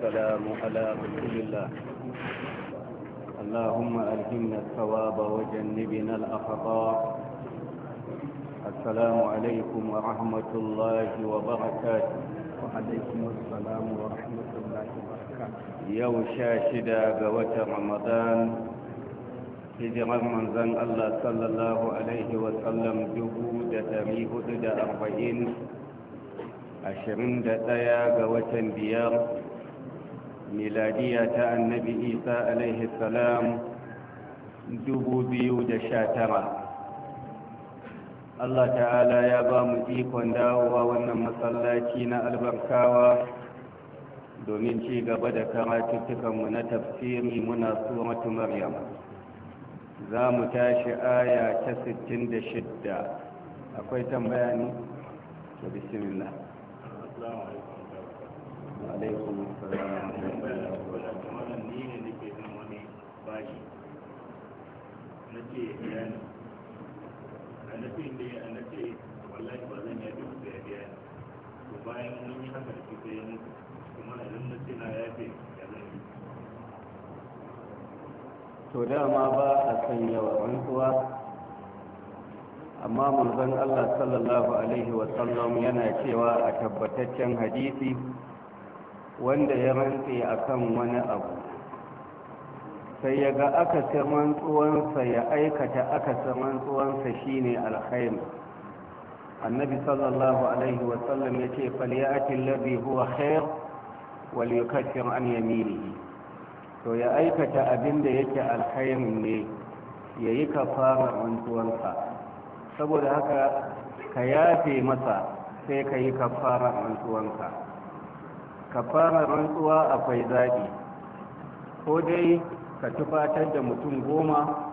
والسلام على رسول الله اللهم ألهمنا الثواب وجنبنا الأخطاء السلام عليكم ورحمة الله وبركاته وعليكم السلام ورحمة الله وبركاته يوم شاشدا قوة رمضان hijirar manzan Allah sallallahu Alaihi wasallam dubu da dari hudu da arba'in ashirin da ɗaya ga watan biyar miladiya ta annabi isa alaihi salam tara. Allah ta'ala ya ba mu ikon dawowa wannan masallaci na albarkawa domin cigaba da karatuttukanmu na tafsiri muna suratu maryam za mu tashi aya ta 66 akwai tambaya ne? to bismillah alaikum salam ce ya annabi ne annabi wallahi ba zan yafi ku ya biya to bayan mun yi haka da kike yi muku kuma na nan nace na yafi ya zan yi to dama ba a san yawa rantsuwa amma manzon Allah sallallahu alaihi wa sallam yana cewa a tabbataccen hadisi wanda ya rantse akan wani abu sai ya ga akasin rantsuwansa ya aikata akasin rantsuwansa ne alkhairi annabi sallallahu alaihi wasallam ya ce falyati alladhi huwa khair wal yukaffir an yaminihi to ya aikata abin da yake alkhairi ne ya yi kafara rantsuwansa saboda haka ka yafe masa sai ka yi kafara rantsuwanka kafara rantsuwa akwai zaɓi ko dai ka tufatar da mutum goma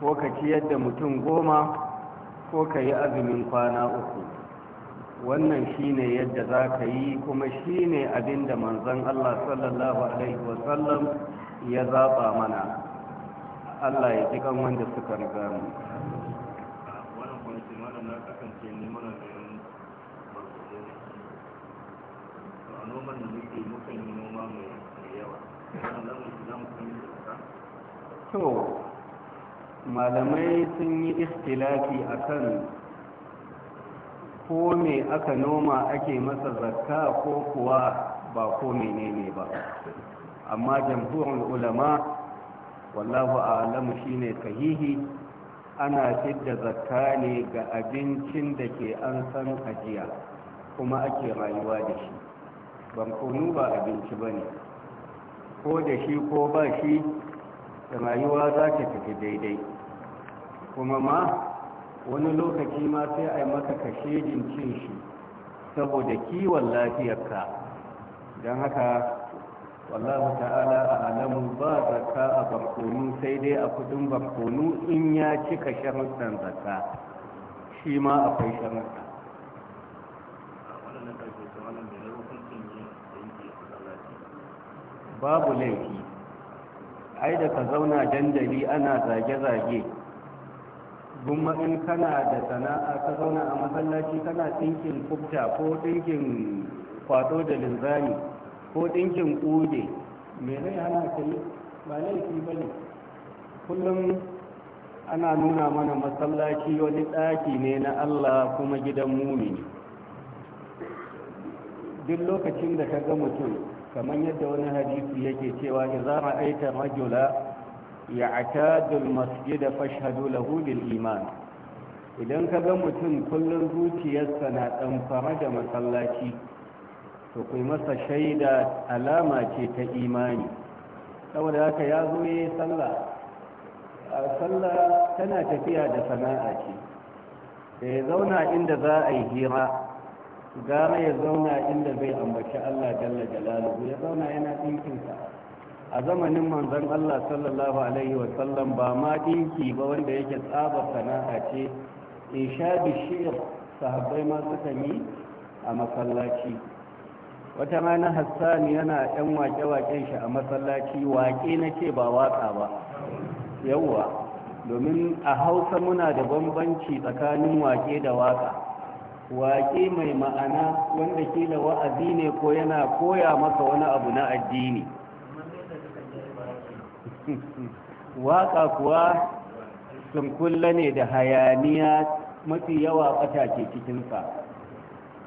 ko ka ciyar da mutum goma ko ka yi azumin kwana uku wannan shine yadda za ka yi kuma shine abin da manzon Allah sallallahu alaihi wasallam ya zaɓa mana Allah ya ji kan wanda suka riga mu to malamai sun yi istilafi akan ko me aka noma ake masa zakka ko kuwa ba ko menene ba amma jamhurin ulama wallahu a'lamu shine kahihi. ana fidda zakka ne ga abincin da ke an san ajiya kuma ake rayuwa da shi ban kunu ba abinci bane ko da shi ko ba shi da rayuwa za ta tafi daidai kuma ma wani lokaci ma sai a yi maka jin cin shi saboda kiwon lafiyarka don haka wallahu ta'ala a alamu ba zaka a barkonu sai dai a kudin barkonu in ya cika sharuɗan zaka shi ma akwai sharuɗan babu laifi ai da ka zauna dandali ana zage-zage gumma in kana da sana'a ka zauna a masallaci kana ɗinkin kubta ko ɗinkin kwado da linzami ko ɗinkin Kude. mai zai hana ka yi ba laifi ba ne kullum ana nuna mana masallaci wani ɗaki ne na allah kuma gidan mumini duk lokacin da ka ga mutum kamar yadda wani hadisi yake cewa idza ra'aita rajula ya'tadu al-masjid fashhadu lahu bil iman idan ka ga mutum kullun zuciyarsa na fara da masallaci to kai masa shaida alama ce ta imani saboda haka ya zo yi sallah sallah tana tafiya da sana'a ce da ya zauna inda za a yi hira gara ya zauna inda bai ambaci Allah jalla jalaluhu ya zauna yana ɗinkinsa a zamanin manzon Allah sallallahu alaihi wa sallam ba ma dinki ba wanda yake tsaba sana'a ce in sha bishiyar sahabbai ma suka yi a masallaci wata rana hassan yana ɗan waƙe-waƙen shi a masallaci waƙe na ce ba waƙa ba Yauwa, domin a hausa muna da bambanci tsakanin waƙe da waƙa waƙe mai ma'ana wanda kila wa'azi ne ko yana koya maka wani abu na addini waƙa kuwa sun ne da hayaniya mafi yawa ɓata cikinsa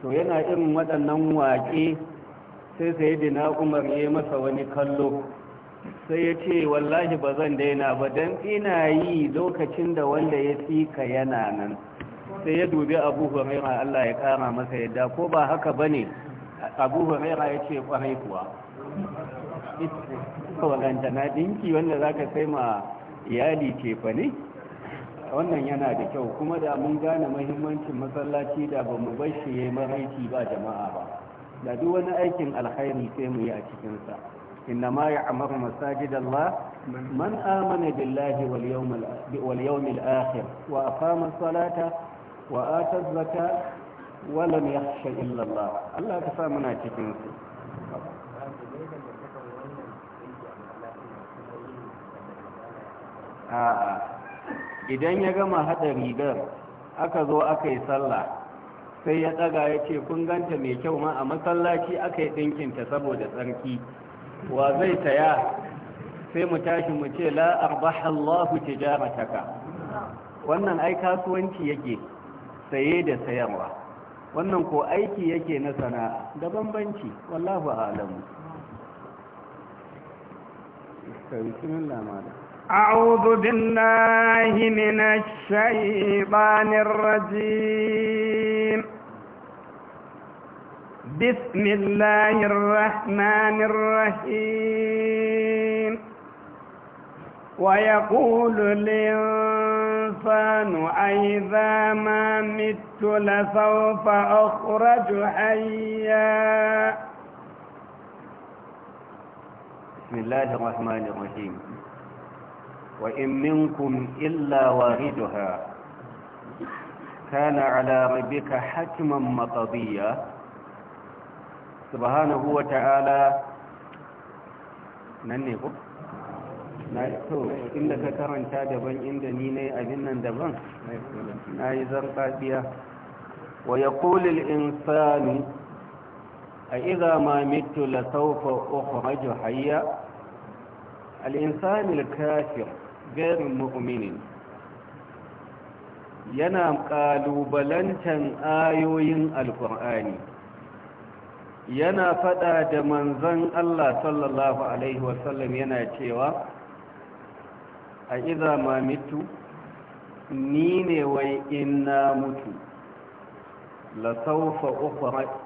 to yana irin waɗannan waƙe sai sai dina umar ya masa wani kallo sai ya ce wallahi ba zan daina ba don ina yi lokacin da wanda ya tsika yana nan sai ya dubi abu huraira Allah ya kara masa yadda ko ba haka ba ne abu huraira ya ce kwarai kuwa Ita waɗanda na ɗinki wanda za ka sai ma iyali ce fa ne wannan yana da kyau kuma da mun gane mahimmancin masallaci da ba mu bar shi ya yi ba jama'a ba da duk wani aikin alkhairi sai mu yi a cikinsa inna ma ya amaru Allah man amana billahi wal yawmil akhir wa aqama salata وآتى الزكاة ولم يخش Allah Allah الله sa muna cikin su a'a idan ya gama haɗa rigar aka zo aka yi sallah sai ya daga ya ce kun ganta mai kyau ma a masallaci aka yi ɗinkinta saboda tsarki wa zai taya sai mu tashi mu ce la arbaha tijarataka wannan ai kasuwanci yake saye da sayarwa wannan ko aiki yake na sana'a da bambanci wallahu alamu أعوذ بالله من الشيطان الرجيم بسم الله الرحمن الرحيم ويقول الإنسان الإنسان أئذا ما مت لسوف أخرج حيا بسم الله الرحمن الرحيم وإن منكم إلا واردها كان على ربك حتما مقضيا سبحانه وتعالى يقول na to inda ka karanta daban inda ni ne abin nan daban na yi zarfafiya wa ya kulil insani a iza ma mitu la saufa ukhraju hayya al insani al kafir غير mu'minin yana ƙalubalantan ayoyin alkur'ani yana faɗa da manzan Allah sallallahu Alaihi wasallam yana cewa a iza ma ni ne wai in na mutu la saufa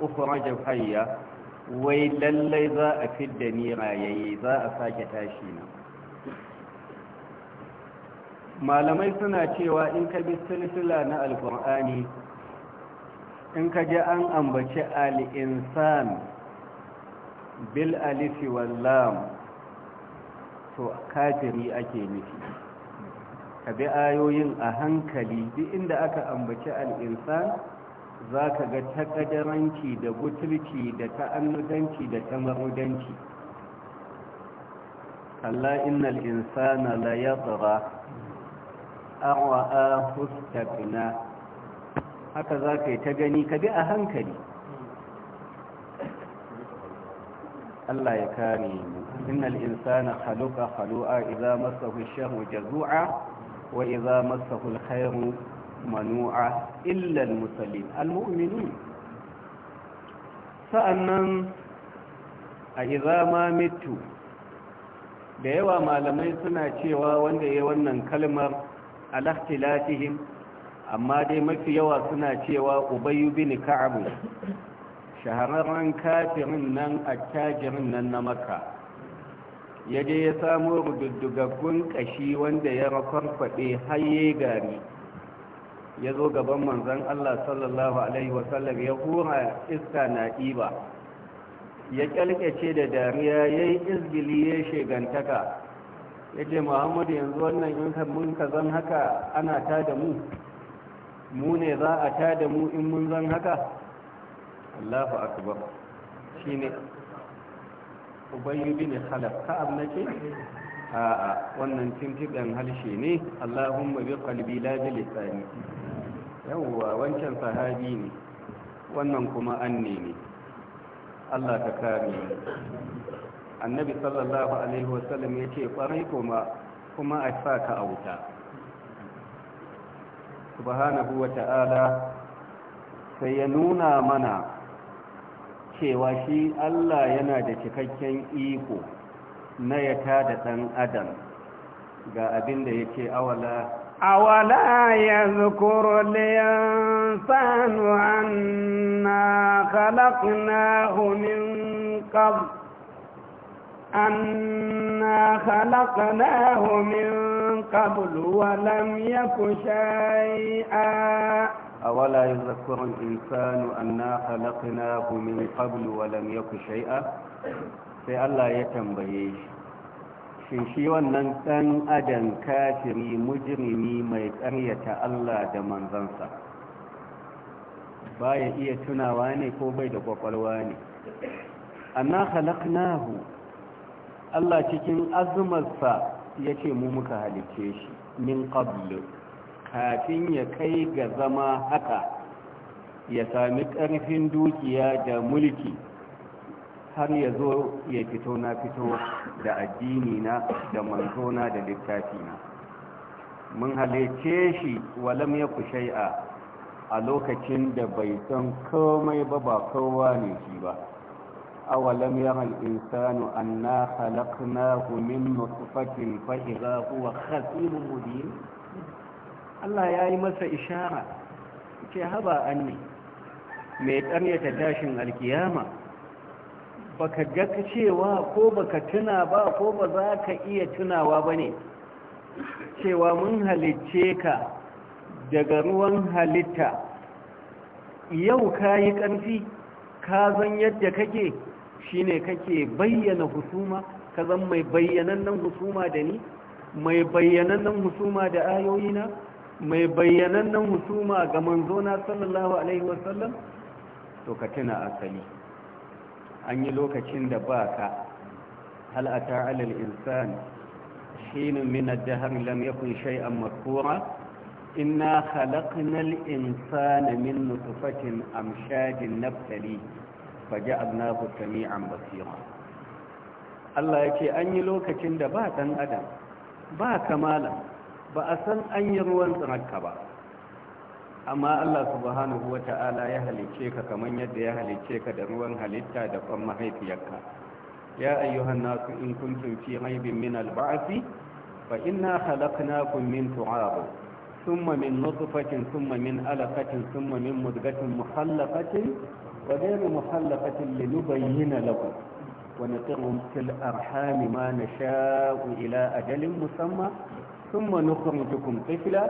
ufraja hayya wai lallai za a da ni rayaye za a sake tashi na malamai suna cewa in ka bi silsila na alkur'ani in ka ji an ambaci al'insan bil alifi wal to kafiri ake nufi ka bi ayoyin a hankali duk inda aka ambaci al'insan za ka ga takadaranci da butulci da ta'annudanci da tamarudanci kalla innal insana la a wa'a hustafina haka za ka yi ta gani ka bi a hankali Allah ya kare mu إن الإنسان خلق خلوعا إذا مسه الشر جزوعا وإذا مسه الخير منوعا إلا المسلمين المؤمنون sa'annan a izama mitu da yawa malamai suna cewa wanda ya wannan kalmar alaktilatihim amma dai mafi yawa suna cewa ubayu bin ka'abu shahararren kafirin nan a cajirin nan na maka ya je ya samo rududdugaggun ƙashi wanda ya rafarfaɗe haye gari ya zo gaban manzan Allah sallallahu Alaihi wasallam ya hura iska na ɗiba ya kyalkace da dariya ya yi izgili ya shegantaka ya ce muhammadu yanzu wannan in mun ka zan haka ana ta da mu mu ne za a ta da mu in mun zan haka allahu akbar shi ne ubayyu bin khalaf ka'ab nake a'a wannan tintiɗan harshe ne allahumma bi qalbi la bi lisani yawwa wancan sahabi ne wannan kuma anne ne Allah ka kare annabi sallallahu alaihi wa sallam ya ce kwarai kuma kuma a sa ka auta subhanahu wa ta'ala sai ya nuna mana cewa shi Allah yana da cikakken iko na ya da ɗan adam ga abin da ya yake awala awala ya zukuru liyansanu anna khalaqnahu min qabl أنا خلقناه من قبل ولم يك شيئا أولا يذكر الإنسان أنا خلقناه من قبل ولم يك شيئا sai Allah ya tambaye shi shin shi wannan ɗan adam kafiri mujrimi mai ƙaryata Allah da manzansa baya iya tunawa ne ko bai da kwakwalwa ne anna khalaqnahu Allah cikin azumarsa ce mu muka halice shi min qablu kafin ya kai ga zama haka ya sami ƙarfin dukiya da mulki har ya zo ya fito na fito da addini na da manzona da littafi na mun halice shi walam ya ku shai'a a lokacin da bai san komai ba ba kowa ne shi ba awalam ya insanu anna khalaqnahu min nutfatin fa idha huwa khasimun Allah ya yi masa ishara ce haba ne mai ta tashin alkiyama baka ga cewa ko ba ka tuna ba ko ba za ka iya tunawa ba ne cewa mun halicce ka daga ruwan halitta yau ka yi ƙarfi ka zan yadda kake shine kake bayyana husuma ka zan mai bayyanannen husuma da ni mai bayyanannen husuma da ayoyina mai bayyanan bayyanannen husuma ga manzona sallallahu alaihi wasallam to ka tuna asali an yi lokacin da ba ka hal'ata alal insani shine min ad-dahr lam yakun shay'an makura inna khalaqnal insana min nutfatin amshajin nabtali faja'alnahu sami'an basira Allah yake an yi lokacin da ba dan adam ba kamala ba a san an yi ruwan tsanakka ba amma Allah subhanahu wa ta'ala ya halice ka kamar yadda ya halice ka da ruwan halitta da kwan mahaifiyarka ya ayyuhan nasu in kuntum fi raibin min al-ba'thi fa inna khalaqnakum min tu'ab thumma min nutfatin thumma min alaqatin thumma min mudghatin mukhallaqatin wa ghayri mukhallaqatin linubayyana lakum ونقر في الأرحام ما نشاء إلى أجل مسمى ثم نخرجكم طفلا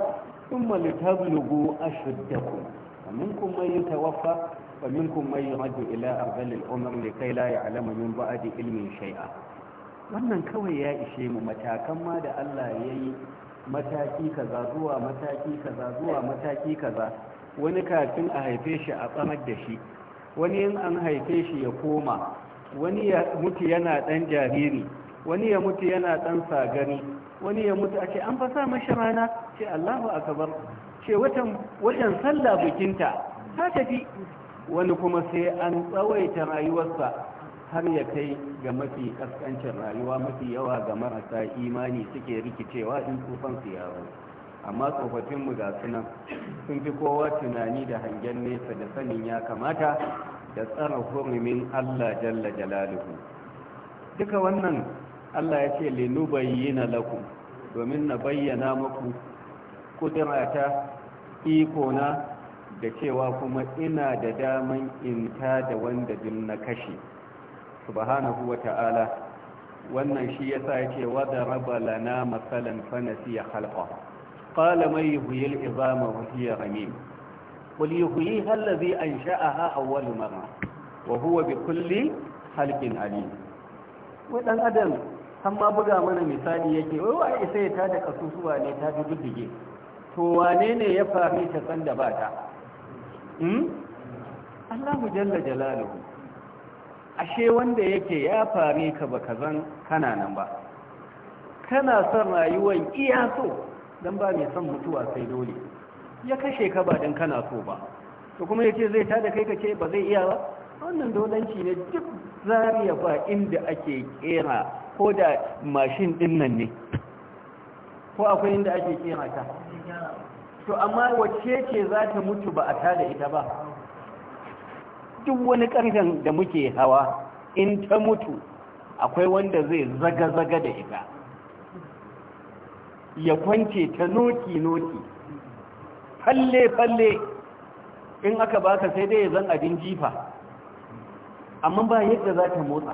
ثم لتبلغوا أشدكم فمنكم من يتوفى ومنكم من يرد إلى أرذل الأمر لكي لا يعلم من بعد علم شيئا wannan kawai ya ishe mu matakan ma da Allah ya yi mataki kaza zuwa mataki kaza zuwa mataki kaza wani kafin a haife shi a tsamar da shi wani yin an haife shi ya koma wani ya mutu yana ɗan jariri wani ya mutu yana ɗan sagani wani ya mutu a an fasa mashi rana ce Allahu akabar ce watan watan sallah bikinta ta tafi wani kuma sai an tsawaita rayuwarsa har ya kai ga mafi kaskancin rayuwa mafi yawa ga marasa imani suke rikicewa in tsufan su yawo amma tsofaffin mu ga sunan sun fi kowa tunani da hangen nesa da sanin ya kamata da tsara hurumin Allah jalla jalaluhu duka wannan Allah ya ce na laku domin na bayyana muku kudirata ikona da cewa kuma ina da daman inta da wanda din na kashe subhanahu ta'ala wannan shi yasa yake wada raba lana masalan fa nasiya khalqa qala may yuhyil izama wa hiya ramim qul yuhyiha allazi ansha'aha awwal marra wa huwa bi kulli khalqin alim wa adam an ma buga mana misali yake wai wai isa ya tada kasusuwa ne ta ji diddige to wane ne ya fari ta san da bata hmm Allah mu jalla jalaluhu ashe wanda yake ya fare ka baka zan kana nan ba kana son rayuwar iya so dan ba mai son mutuwa sai dole ya kashe ka ba dan kana so ba to kuma yace zai tada kai kace ba zai iya ba wannan dolanci ne duk zariya ba inda ake kera ko da mashin din nan ne ko akwai inda ake kera ta to amma wacce ce za ta mutu ba a tada ita ba duk wani ƙarfen da muke hawa in ta mutu akwai wanda zai zaga-zaga da ita ya kwance ta noti-noti falle-falle in aka baka sai dai zan abin jifa amma ba yadda za ta motsa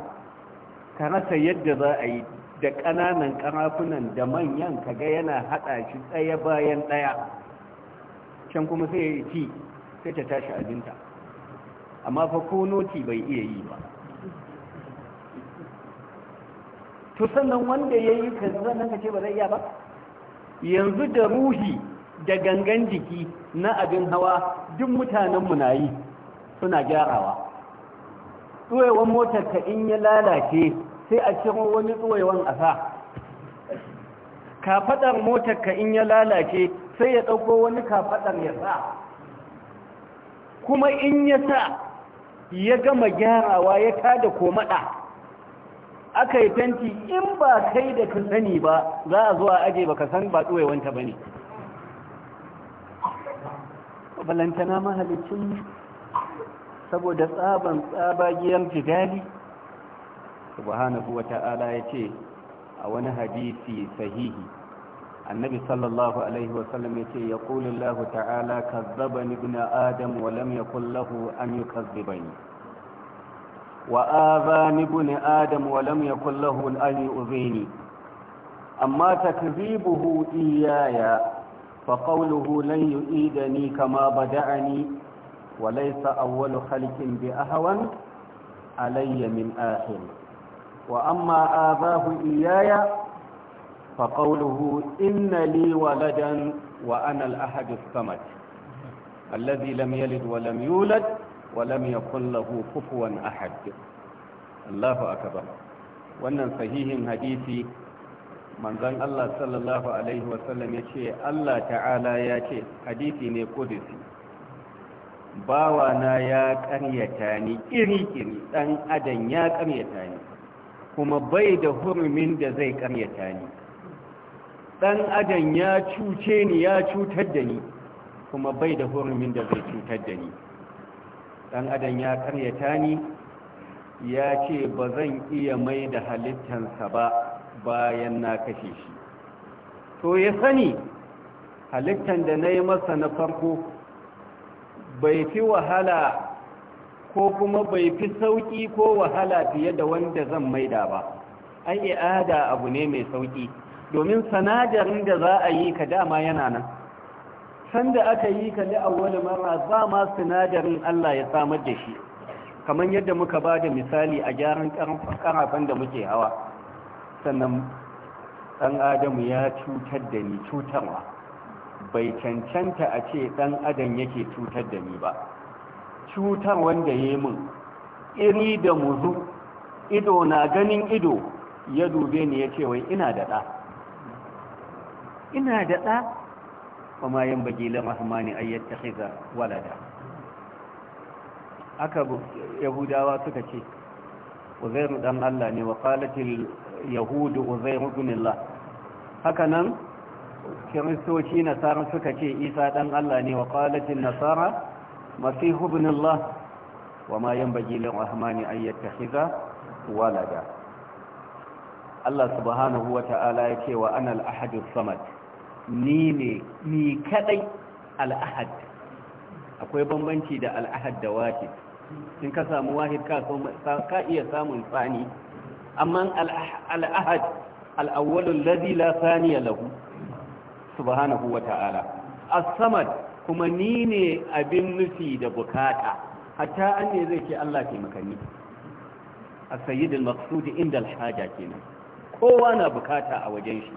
ka rasa yadda za a yi da ƙananan ƙarafunan da manyan kaga yana haɗa shi tsaye bayan ɗaya can kuma sai ya yi ci sai ta tashi abinta amma fa ko noti bai iya yi ba to sannan wanda ya yi ka nan ka ce ba zai iya ba yanzu da ruhi da gangan jiki na abin hawa duk mutanenmu na yi suna gyarawa tsoyewan motarka in ya lalace sai a cikin wani tsoyewan a sa Kafaɗar motar in ya lalace sai ya ɗauko wani kafaɗar ya sa kuma in ya sa ya gama gyarawa ya tada komaɗa aka yi fenti in ba kai da ka sani ba za a zuwa aje ba ka san ba tsoyewanta ba ne balantana mahalicin saboda tsaban tsabagiyar jidali subhanahu wata'ala ya ce a wani hadisi sahihi annabi sallallahu alaihi wasallam ya ce ya kulillahu ta'ala ni ibn adam wa lam yakul lahu an yukazzibani wa ni ibn adam wa lam kullahu lahu an yu'zini amma takzibuhu iyaya fa qawluhu lan yu'idani kama bada'ani وليس أول خلق بأهون علي من آخر وأما آباه إياي فقوله إن لي ولدا وأنا الأحد الصمد الذي لم يلد ولم يولد ولم يكن له كفوا أحد الله أكبر wannan sahihin hadisi manzon Allah sallallahu alaihi wasallam ya ce Allah ta'ala ya ce hadisi ne kudusi bawana ya karyata ni iri-iri ɗan adam ya karyata ni kuma bai da hurumin da zai karyata ni ɗan adam ya cuce ni ya cutar da ni kuma bai da hurumin da zai cutar da ni ɗan adam ya karyata ni ya ce ba zan iya mai da halittansa ba bayan na kashe shi to ya sani halittan da na yi masa na farko bai fi wahala ko kuma bai fi sauƙi ko wahala fiye da wanda zan maida ba An yi i'ada abu ne mai sauƙi domin sanadarin da za a yi ka dama yana nan sanda aka yi ka da wani mara, za ma sinadarin Allah ya samar da shi kamar yadda muka ba da misali a gyaran ƙarafan da muke hawa sannan ɗan adamu ya cutar da ni cutarwa bai cancanta a ce ɗan adam yake cutar da ni ba cutar wanda ya yi min iri da muzu ido na ganin ido ya dube ni ya ce wai ina da ɗa ina da ɗa kuma yin bagi lamahimani ayyatta shiga walada aka yahudawa suka ce uzairu ɗan Allah ne wa ƙalatil yahudu uzairu bin Allah haka nan kiristoci nasara suka ce isa ɗan allah ne wa ƙalatin nasara masihu bin allah wa ma yan bagi lirrahmani an yattakhiza walada allah subhanahu wa ta'ala ya ce wa an al'ahadu samad ni ne ni kadai al'ahad akwai bambanci da al'ahad da wahid in ka samu wahid ka iya samun tsani amma al'ahad al'awwalul ladhi la thaniya lahu subhanahu wa ta'ala as-samad kuma ni ne abin nufi da bukata hatta an ne zai ce Allah ke makani a sayyid al inda haja kenan kowa na bukata a wajen shi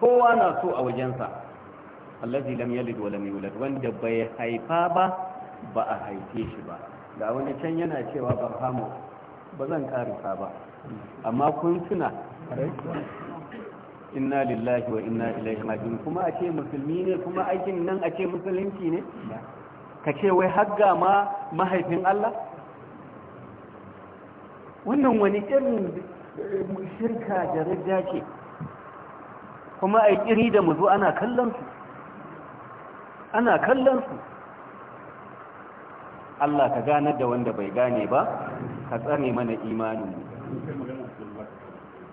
kowa na so a wajensa allazi lam yalid wa lam yulad wanda bai haifa ba ba a haife shi ba da wani can yana cewa Famo ba zan karisa ba amma kun tuna inna lillahi wa inna ilaihi raji'un kuma a ce musulmi ne kuma aikin nan a ce musulunci ne ka ce wai hagga ma mahaifin Allah wannan wani irin shirka da rajja ce kuma a kiri da muzu ana kallon su ana kallon su Allah ka gane da wanda bai gane ba ka tsare mana imanin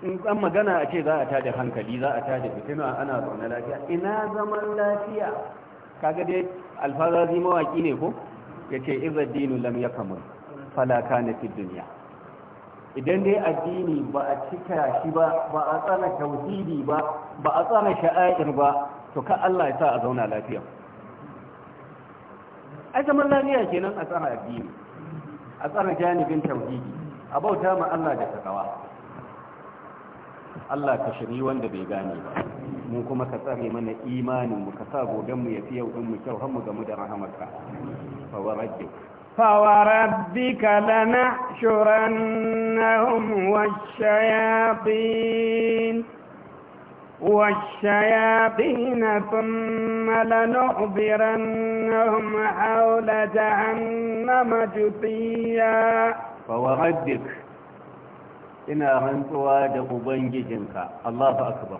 in ɗan magana a ce za a tada hankali za a tada fitina ana zaune lafiya ina zaman lafiya kaga dai alfazazi mawaki ne ko ya ce iza dinu lam ya kamun falaka na fi duniya idan dai addini ba a cika shi ba ba a tsara tauhidi ba ba a tsara sha'air ba to ka Allah ya sa a zauna lafiya ai zaman lafiya kenan a tsara addini a tsara janibin tauhidi a bauta ma Allah da takawa Allah ka shiri wanda bai gane ba mu kuma ka tsare mana imanin mu ka sa goben mu yafi yau din mu kyau har mu ga mu da rahamarka fa warabbika فوربك لنحشرنهم والشياطين والشياطين ثم لنحضرنهم حول جهنم جثيا فوربك ina rantsuwa da ubangijinka Allahu akbar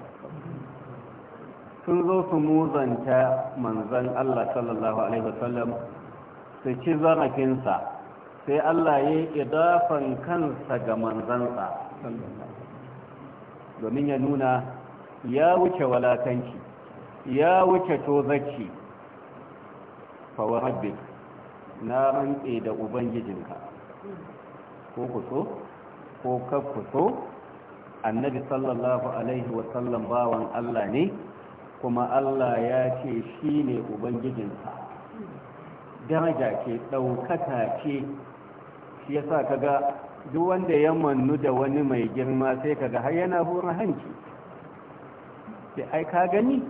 sun zo su muzanta manzan Allah sallallahu alaihi wasallam su ci zarafinsa sai Allah ya yi idafan kansa ga manzansa domin ya nuna ya wuce walakanci ya wuce tozacci fawa na rantse da ubangijinka ko ku so ko kakku annabi sallallahu alaihi wasallam bawan Allah ne kuma Allah ya ce shi ne ubangijinsa daraja ke ɗaukaka ce shi yasa kaga duk wanda ya mannu da wani mai girma sai kaga har yana hura hanci sai ai ka gani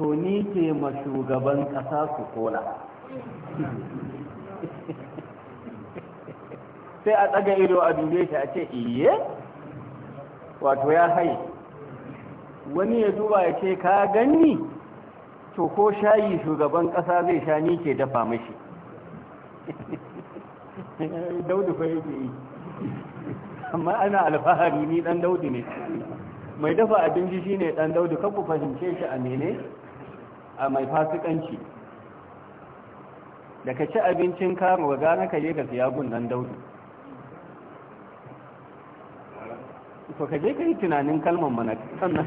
to ni ke ma shugaban ƙasa su kola sai a tsaga ido a dube shi a ce iye wato ya hai wani ya duba ya ce ka ganni to ko shayi shugaban kasa zai sha ni ke dafa mashi daudu fa yake yi amma ana alfahari ni dan daudu ne mai dafa abinci shine dan daudu kan ku fahimce shi a mene a mai fasikanci da ka ci abincin karo ga na ka je ka siya gun dan daudu to ka je ka yi tunanin kalmar mana sannan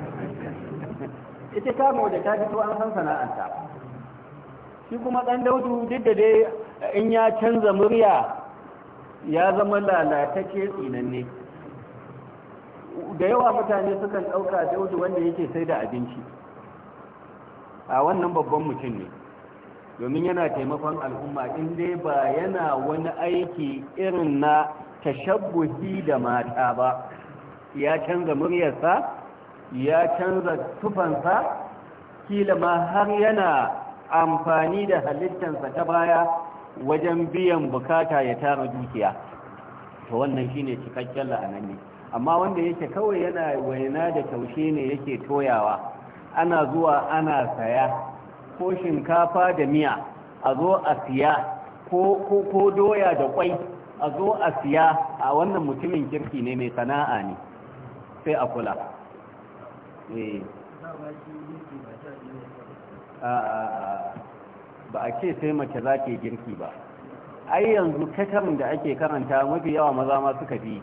ita kama da ta fito an san sana'anta shi kuma ɗan daudu duk da dai in ya canza murya ya zama lalatacce tsinanne da yawa mutane sukan ɗauka daudu wanda yake sai da abinci a wannan babban mutum ne domin yana taimakon al'umma in dai ba yana wani aiki irin na tashabbuhi da mata ba ya canza muryarsa ya canza tufansa kila ma har yana amfani da halittansa ta baya wajen biyan bukata ya tara dukiya to wannan shine cikakken la'ananne amma wanda yake kawai yana waina da taushe ne yake toyawa ana zuwa ana saya ko shinkafa da miya a zo a siya ko doya da kwai a zo a siya a wannan mutumin kirki ne mai sana'a ne sai a kula eh. ba a ce sai mace za ke girki ba ai yanzu kakarin da ake karanta mafi yawa maza ma suka fi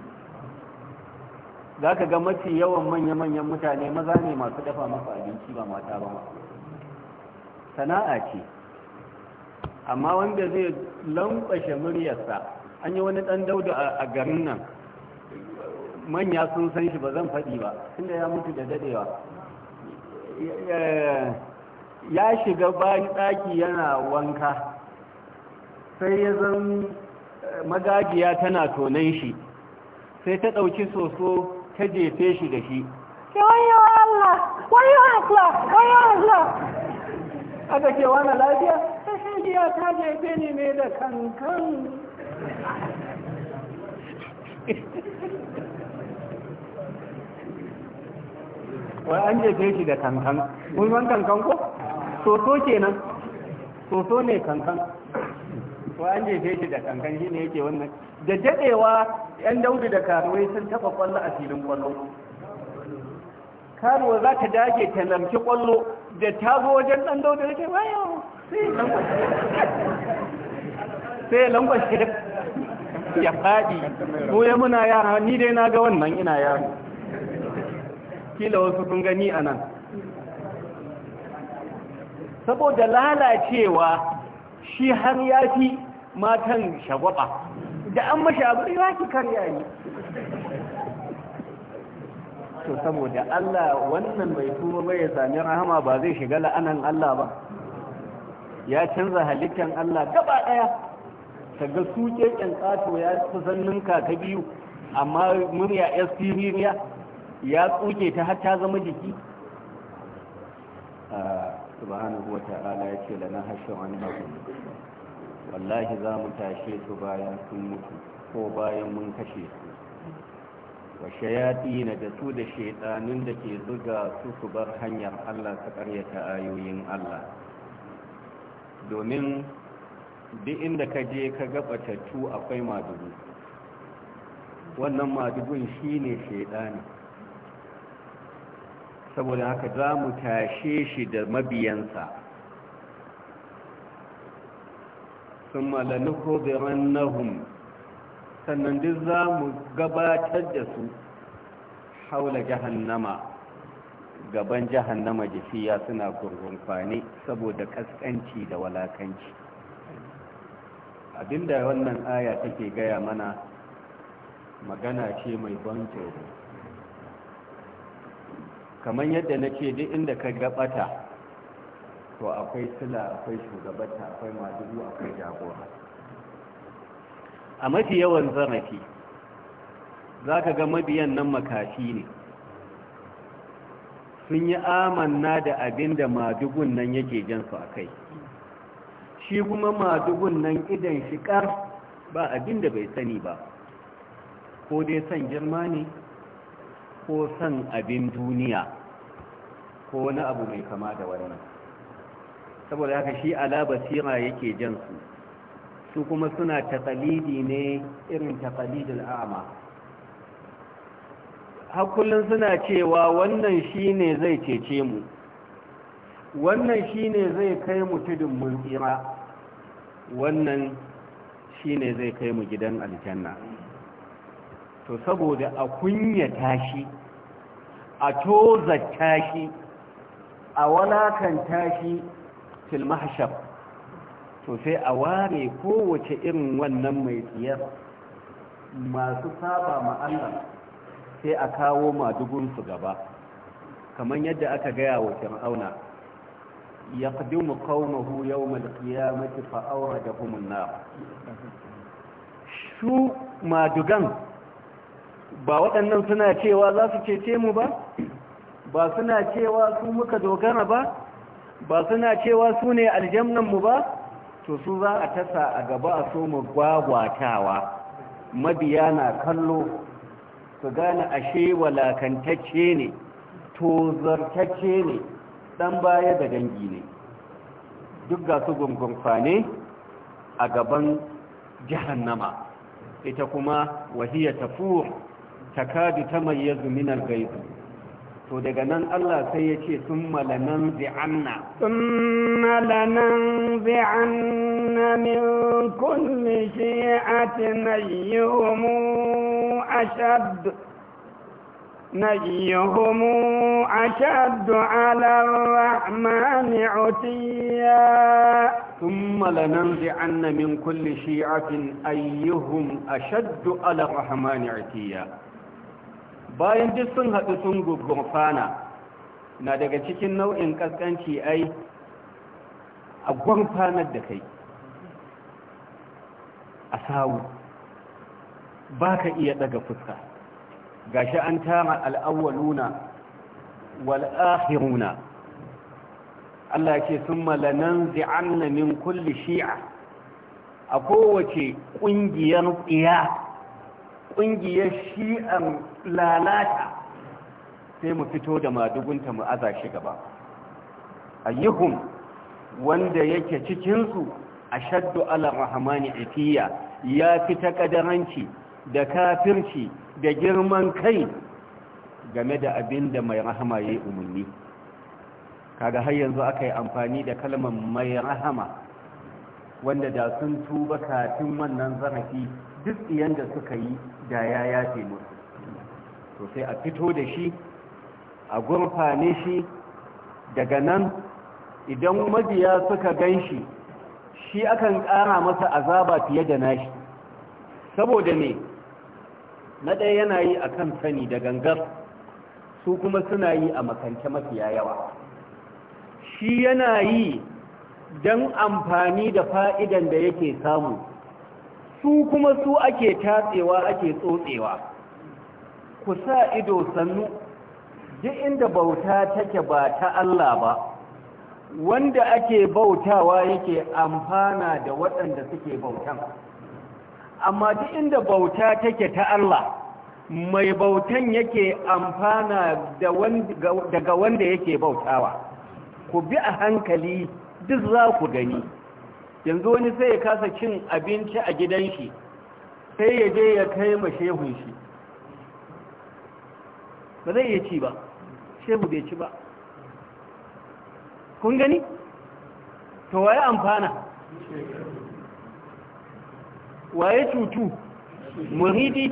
za ka ga mafi yawan manya-manyan mutane maza ne masu dafa masu abinci ba mata ba sana'a ce amma wanda zai lankwashe muryarsa an yi wani ɗan Daudu a garin nan manya sun san shi ba zan faɗi ba tunda ya mutu da dadewa eh, ya shiga bayan ɗaki yana wanka sai ya zan eh, magajiya tana tonan shi sai ta ɗauki soso ta jefe shi da shi wayo Allah wayo Allah wayo Allah aka ce wani lafiya ta ta jefe ne mai da kankan wai an jefe shi da kankan kun san kankan ko soso kenan soso ne kankan wai an jefe shi da kankan shine yake wannan da dadewa yan daudu da karuwai sun taba kwallo a filin kwallo karuwa za ta dage ta lamki kwallo da ta zo wajen dan daudu da ke wayo sai ya lankwashe ya faɗi ko ya muna yara ni dai na ga wannan ina yaro kila wasu sun gani a nan saboda lalacewa shi har ya fi matan shagwaba da an mashi abu ya ki karya yi to saboda Allah wannan mai kuma bai ya sami rahama ba zai shiga la'anan Allah ba ya canza halittar Allah gaba ɗaya ta ga su keken ya fi ka ta biyu amma murya ya siririya ya tsoke ta har ta zama jiki ah, subhanahu wa ta'ala ya ce lana hashin an haku wallahi za mu tashe su bayan sun mutu ko bayan mun kashe su wa na da su da shaiɗanun da ke zuga su su bar hanyar allah ta ƙaryata ayoyin allah domin duk inda ka je ka tattu akwai madugu wannan madugun shine shaidani saboda haka za mu tashe shi da mabiyansa sun malanuko biran nahun sannan duk za mu gabatar da su haula jahannama gaban jahannama jifiya suna gurgunfani saboda kaskanci da walakanci abinda wannan aya take gaya mana magana ce mai ban tsoro kamar yadda na ce duk inda ka gabata to akwai sila akwai shugabata akwai madubu akwai jagora a mafi yawan zarafi za ka ga mabiyan nan makafi ne sun yi amanna da abin da madugun nan yake jansu a kai shi kuma madugun nan idan shiƙar ba abin da bai sani ba ko dai san girma ne ko son abin duniya ko wani abu mai kama da wannan saboda haka shi ala basira yake jan su su kuma suna taqalidi ne irin taqalidul a'ma har kullun suna cewa wannan shine zai cece mu wannan shine zai kai mu tudun mun tsira wannan shine zai kai mu gidan aljanna to saboda a kunya tashi a toza tashi a walakan tashi tilmahashab to sai a ware kowace irin wannan mai tsiyar masu saba Allah sai a kawo su gaba kamar yadda aka gaya wa fir'auna ya ƙadimu yawm yau malƙiyamati fa'aura da nar shu madugan ba waɗannan suna cewa za su cece mu ba ba suna cewa su muka dogara ba ba suna cewa su ne aljamnanmu ba to su za a tasa a gaba a so mu gwagwatawa mabiya na kallo su gane ashe walakantacce ne tozartacce ne ɗan baya da dangi ne duk ga su gungunfa ne a gaban jahannama ita kuma wahiyar tafuwa takadu tamayyazu min al-ghayb to daga nan Allah sai ya ce sun malanan zi'anna sun malanan zi'anna min kulli shi'atin ayyuhumu ashad نجيهم أشد على الرحمن عتيا ثم لننزعن من كل شيعة أيهم أشد على الرحمن عتيا bayan duk sun haɗu sun gurfana na daga cikin nau'in ƙasƙanci ai a gurfanar da kai a sawu ba ka iya daga fuska gashi an tara al'awwaluna wal'ahiruna Allah ce sun malanan zi'anna min kulli shi'a a kowace ƙungiyar tsiya ƙungiyar shi'ar lalata sai mu fito da madugunta mu aza shi gaba ayyuhum wanda yake cikinsu ashaddu ala rahmani itiya ya fi ta kadaranci da kafirci da girman kai game da abinda mai rahama ya yi umarni kaga har yanzu aka yi amfani da kalmar mai rahama wanda da sun tuba kafin wannan zarafi duk iyan da suka yi da ya yafe musu to sai a fito da shi a gurfane shi daga nan idan mabiya suka gan shi shi akan ƙara masa azaba fiye da nashi saboda ne na ɗaya yana yi a kan sani da gangar su kuma suna yi a makance mafiya yawa shi yana yi don amfani da fa'idan da yake samu su kuma su ake tatsewa ake tsotsewa ku sa ido sannu duk inda bauta take ba ta Allah ba wanda ake bautawa yake amfana da waɗanda suke bautan amma duk inda bauta take ta Allah mai bautan yake amfana daga wanda yake bautawa ku bi a hankali duk za ku gani yanzu wani sai ya kasa cin abinci a gidan shi sai ya je ya kai ma shehun shi ba zai iya ci ba sai bai ci ba kun gani to waye amfana waye cutu muridi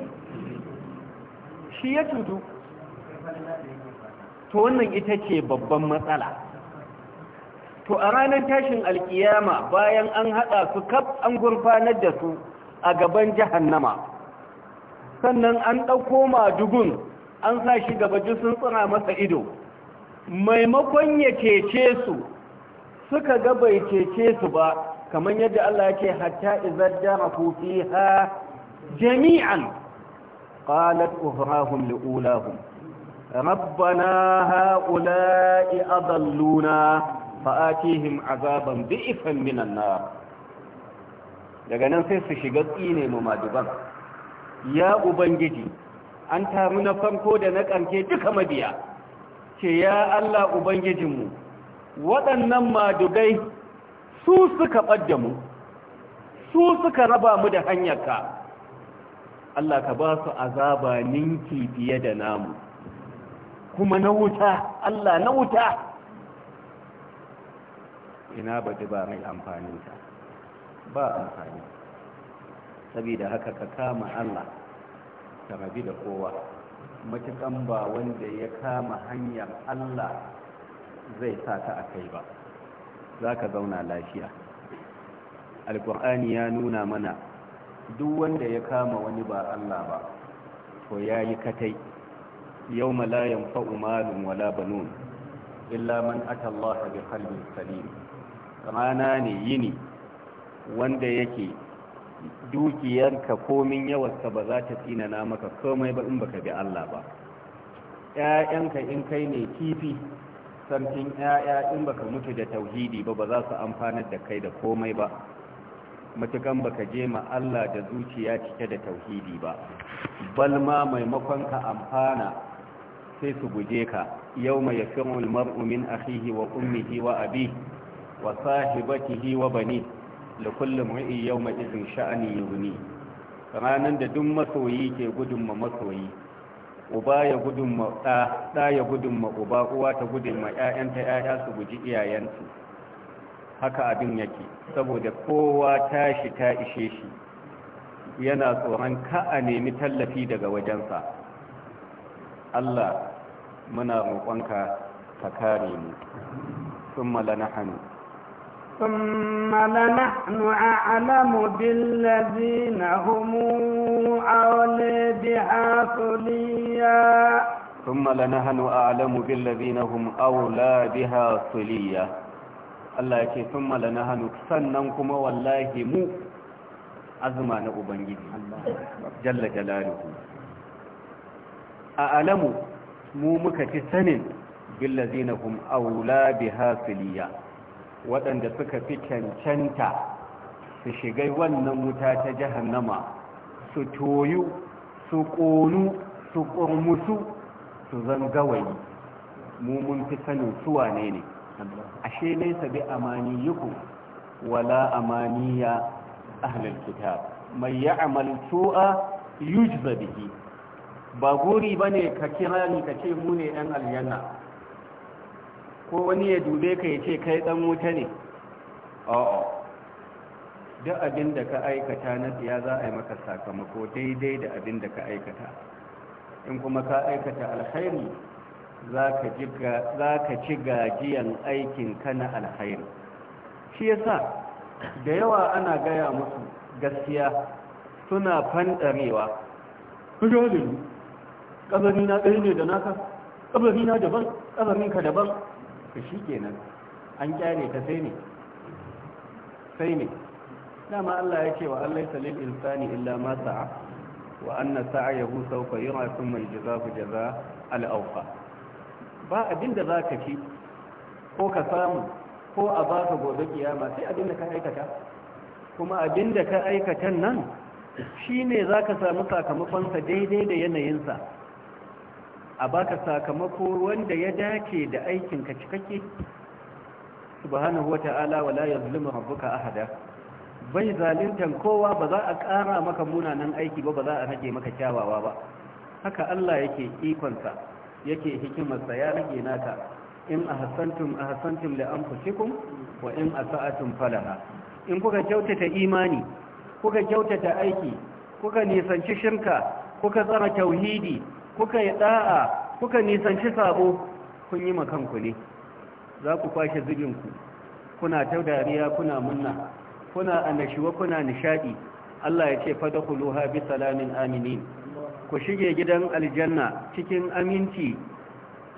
shi ya cutu to wannan ita ce babban matsala to a ranar tashin alkiyama bayan an haɗa su kaf an gurfanar da su a gaban jahannama sannan an ɗauko madugun an sa shi gaba ji sun tsira masa ido maimakon ya cece su suka ga bai cece su ba kamar yadda Allah ya ce hatta izar jarahu fiha jami'an qalat uhrahum liulahum rabbana haula'i adalluna fa'atihim azaban ضعفا minan nar daga nan sai su shiga tsine mu maduban ya ubangiji an taru na farko da na ƙarke duka mabiya ce ya Allah Ubangijinmu waɗannan madugai su suka ɓadda mu su suka raba mu da hanyarka Allah ka ba su azaba ninki fiye da namu kuma na wuta Allah na wuta ina ba mai amfaninta ba amfani Sabida haka ka kama Allah ka rabi da kowa matukan ba wanda ya kama hanyar allah zai sa ta a kai ba za ka zauna lafiya alkur'ani ya nuna mana duk wanda ya kama wani ba allah ba to ya yi katai yau malayan fa'umalin wala banun illa man atallaha bi halin salim rana ne yini wanda yake dukiyarka komin yawarka ba za ta tsinana maka komai ba in baka bi Allah ba ƴaƴanka in kai ne kifi santin ƴaƴa in baka mutu da tauhidi ba ba za su amfanar da kai da komai ba matukan baka je ma Allah da zuciya cike da tauhidi ba bal ma maimakon ka amfana sai su guje ka yawma mai al-mar'u min akhihi wa ummihi wa abihi wa sahibatihi wa banihi da kullum ri'i yau mai izin sha'ani yuni ranar da duk masoyi ke gudunma masoyi uba ya gudunma ɗa ɗa ya gudunma uba uwa ta ƴaƴan ta ƴaƴa su guji iyayensu haka abin yake saboda kowa tashi ta ishe shi yana tsoron ka a nemi tallafi daga wajensa Allah muna roƙonka ka kare mu sun malana hannu ثم لنحن أعلم بالذين هم أولي بها صليا ثم لنحن أعلم بالذين هم أولى بها صليا الله يكي ثم لنحن سننكم والله مو أزمان أبنجي جل جلاله أعلم مو مكتسن بالذين هم أولى بها صليا waɗanda suka fi cancanta su shigai wannan wuta ta jahannama su toyu su ƙonu su ƙurmusu su zangawayi mu mun fi sanin suwa ne ne ashe nesa bi amani yuku wala amaniya ahlul kitab mai ya'mal su'a yujza bihi ba guri ne ka kira ni ka ce mu ne 'yan aljanna ko wani ya dube ka ya ce kai dan wuta ne a'a duk abin da ka aikata na tsiya za a yi maka sakamako daidai da abin da ka aikata in kuma ka aikata alkhairi za ka ci gajiyan aikin ka na alkhairi shi yasa da yawa ana gaya musu gaskiya suna fanɗarewa ƙazari na ɗaya ne da naka ƙazari na daban ƙazarinka daban to shi kenan an kyale ta sai ne sai ne dama Allah ya ce wa Allah ya lil insani illa ma sa'a wa anna sa'ayahu sawfa yura thumma yujzahu jazaa al awfa ba abin da zaka ci ko ka samu ko a ba ka gobe kiyama sai abin da ka aikata kuma abin da ka aikatan nan shine zaka samu sakamakon sa daidai da yanayin sa a baka sakamako wanda ya dace da aikinka cikakke subhanahu wa la yazlimu rabbuka ahada bai zalintan kowa ba za a ƙara maka munanan aiki ba ba za a rage maka kyawawa ba haka Allah yake ikonsa yake hikimarsa ya rage naka in ahsantum ahsantum li anfusikum wa in asa'atum falaha in kuka kyautata imani kuka kyautata aiki kuka nisanci shirka kuka tsara tauhidi kuka yi da'a kuka nisanci sabo kun yi makanku ne za ku kwashe zubinku kuna ta dariya kuna munna kuna annashiwa kuna nishadi Allah ya ce fadkhuluha bi salamin aminin ku shige gidan aljanna cikin aminci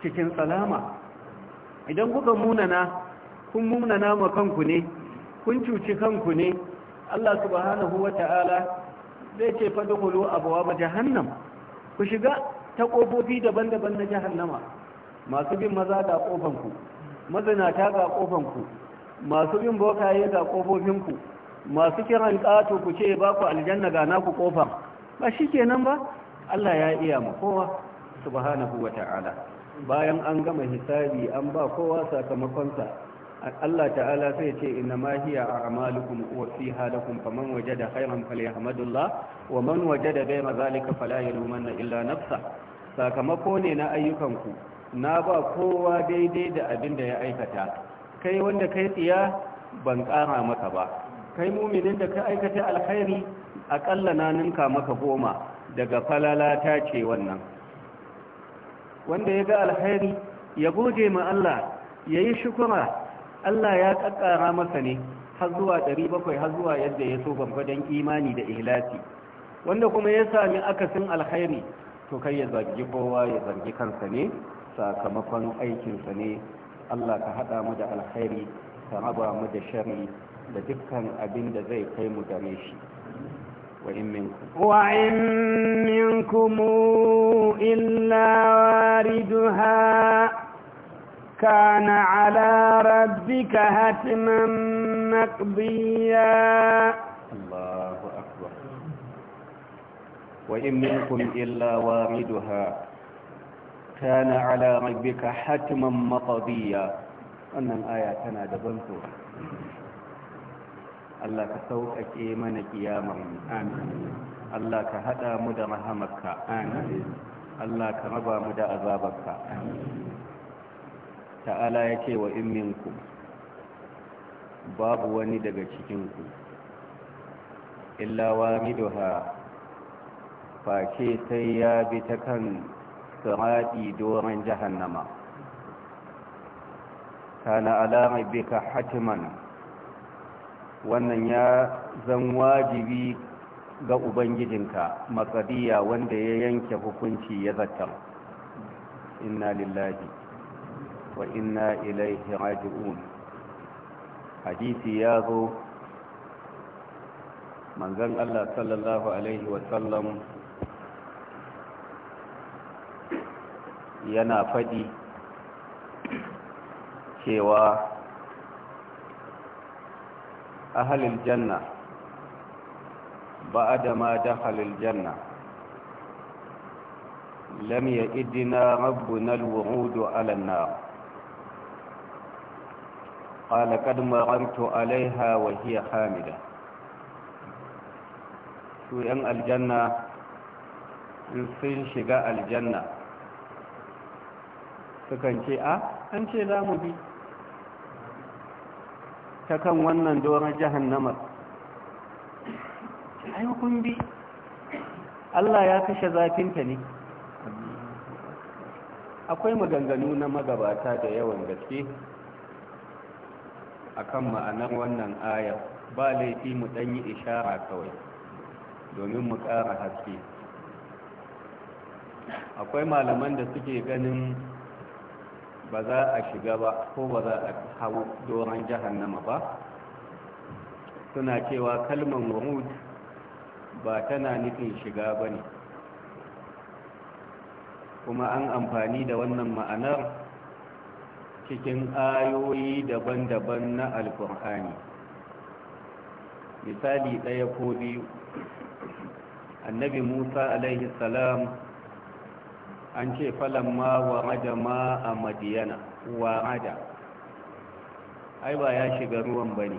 cikin salama idan kuka munana kun munana ma kanku ne kun cuci kanku ne Allah subhanahu wata'ala zai ce fadkhulu abwaab jahannam ku shiga ta ƙofofi daban-daban na jahannama masu bin maza ga ƙofanku mazinata ga ƙofanku masu bin bokaye ga ƙofofinku masu kiran ƙato ku ce ba ku aljanna ga naku ƙofan, ba shi kenan ba Allah ya iya ma kowa subhanahu wa ta'ala bayan an gama hisabi an ba kowa sakamakonsa Allah ta'ala sai ce inna ma hiya a'malukum wa fiha lakum faman wajada khairan falyahmadullah wa man wajada ghayra zalika fala yalumanna illa nafsa sakamako ne na ayyukanku na ba kowa daidai da abin da ya aikata kai wanda kai tsiya ban kara maka ba kai muminin da ka aikata alkhairi akalla na ninka maka goma daga falalata ce wannan wanda ya ga alkhairi ya gode ma Allah ya yi shukura Allah ya kakkara masa ne har zuwa 700 har zuwa yadda ya so gwagwadon imani da ihlasi wanda kuma ya sami akasin alkhairi to kai ya zargi kowa ya zargi kansa ne sakamakon aikinsa ne Allah ka haɗa mu da alkhairi ka raba mu da shari da dukkan abin da zai kai mu gare shi وإن منكم وإن منكم إلا واردها كان على ربك هتما مقضيا الله أكبر وإن منكم إلا واردها كان على ربك حتما مقضيا أن الآية كان دبنت الله كسوك إيمانك يا مريم آمين الله كهدى مدى مكة آمين الله كربى مدى أبابك آمين ta'ala ya ce wa in babu wani daga cikinku illawa miduha face sai ya bi ta kan sirati doron jahannama kana alama bika hatiman wannan ya zan wajibi ga ubangijinka makadiya wanda ya yanke hukunci ya zartar inna lillahi وإنا إليه راجعون حديثي ياغو من ذن الله صلى الله عليه وسلم ينا فدي شوا أهل الجنة بعد ما دخل الجنة لم يئدنا ربنا الوعود على النار قال قد مررت عليها وهي حامدة su ‘yan aljanna in sun shiga aljanna sukan ce a an ce za mu bi ta kan wannan doron jahannamar ai kun bi Allah ya kashe zafinta ne akwai maganganu na magabata da yawan gaske akan ma'anar wannan ayar ba laifi mu dan yi ishara kawai domin mu ƙara haske akwai malaman da suke ganin ba za a shiga ba ko ba za a hau doron jahannama ba suna cewa kalmar wurud ba tana nufin shiga ba ne kuma an amfani da wannan ma'anar cikin ayoyi daban-daban na alkur'ani misali ɗaya ko biyu annabi musa alaihi salam an ce falamma wa'ada ma a madiyana wa wa'ada ai ba ya shiga ruwan ba ne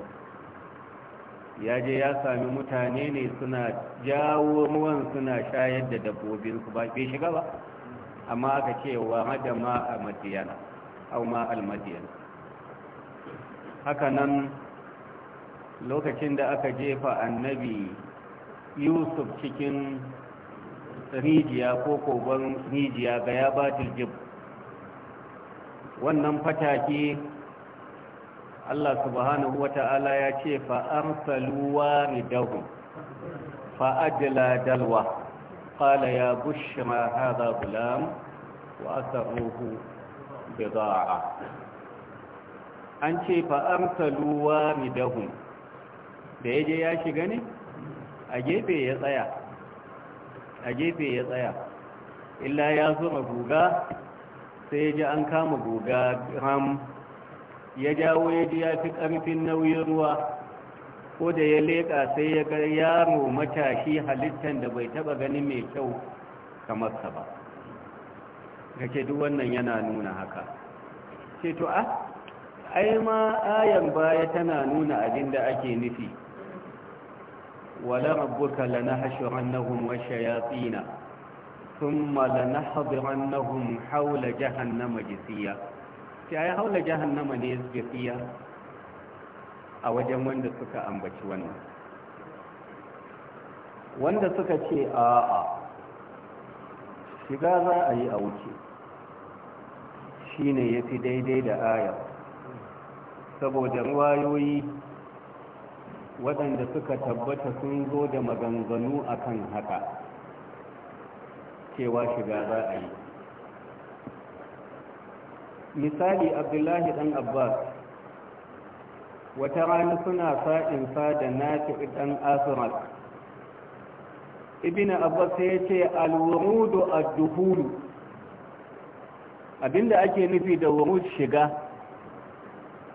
ya je ya sami mutane ne suna jawo ruwan suna shayar da dabbobinsu ba bai shiga ba amma aka ce wa wa'ada ma a madiyana aw ma almadiyan haka nan lokacin da aka jefa annabi yusuf cikin rijiya ko kogon rijiya ga ya batil jib wannan fataki Allah subhanahu wa ta'ala ya ce fa'amsaluwa ridahu fa'ajila dalwa ƙala ya bushima haza gulam wa asaruhu bida'a an ce fa'amtalu waridahum da ya je ya shiga ne a gefe ya tsaya a gefe ya tsaya illa ya zura guga sai ya ji an kama guga ram ya jawo ya ji ya fi ƙarfin nauyin ruwa ko da ya leƙa sai ya ga yaro matashi halittar da bai taɓa ganin mai kyau kamar sa ba kake duk wannan yana nuna haka ce to a ah, ai ma ayan baya tana nuna abinda da ake nufi wala rabbuka lanahshurannahum washayatin thumma lanahdirannahum hawla jahannama jisiya sai ai hawla jahannama ne jisiya a wajen wanda suka ambaci wannan wanda suka ce a'a shiga za a yi a wuce shine ya fi daidai da aya saboda wayoyi waɗanda suka tabbata sun zo da maganganu akan haka cewa shiga za a yi misali abdullahi ɗan abbas wata rana suna sa'insa da fi ɗan asirat ibina abbas ya ce alwurudu adduhulu abinda ake nufi da wurud shiga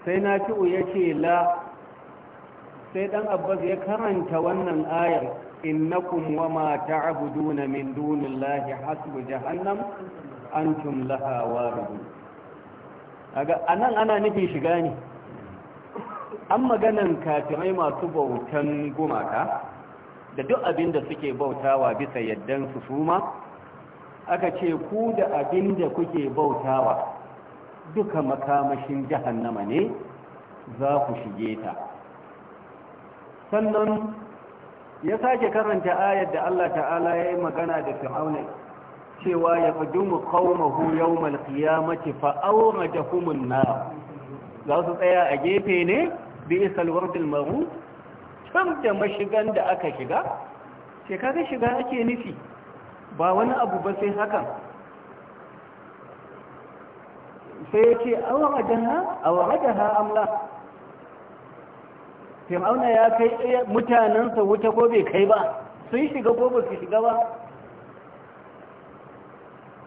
sai na ci ya ce la sai dan abbas ya karanta wannan ayar innakum wa ma ta'buduna min dunillahi hasbu jahannam antum laha waridu aga anan ana nufi shiga ne an maganan kafirai masu bautan gumaka da duk abinda suke bautawa bisa yaddan su suma aka ce ku da abin da kuke bautawa duka makamashin jahannama ne za ku shige ta sannan ya sake karanta ayar da Allah ta'ala ya yi magana da fir'auna cewa ya fadumu qaumahu yawmal qiyamati fa awradahum an-nar za su tsaya a gefe ne bi isal wardil maru can da mashigan da aka shiga shekara shiga ake nufi ba wani abu ba sai hakan sai ya ce ha amla fir'auna ya kai mutanensa wuta ko bai kai ba sun shiga ko ba su shiga ba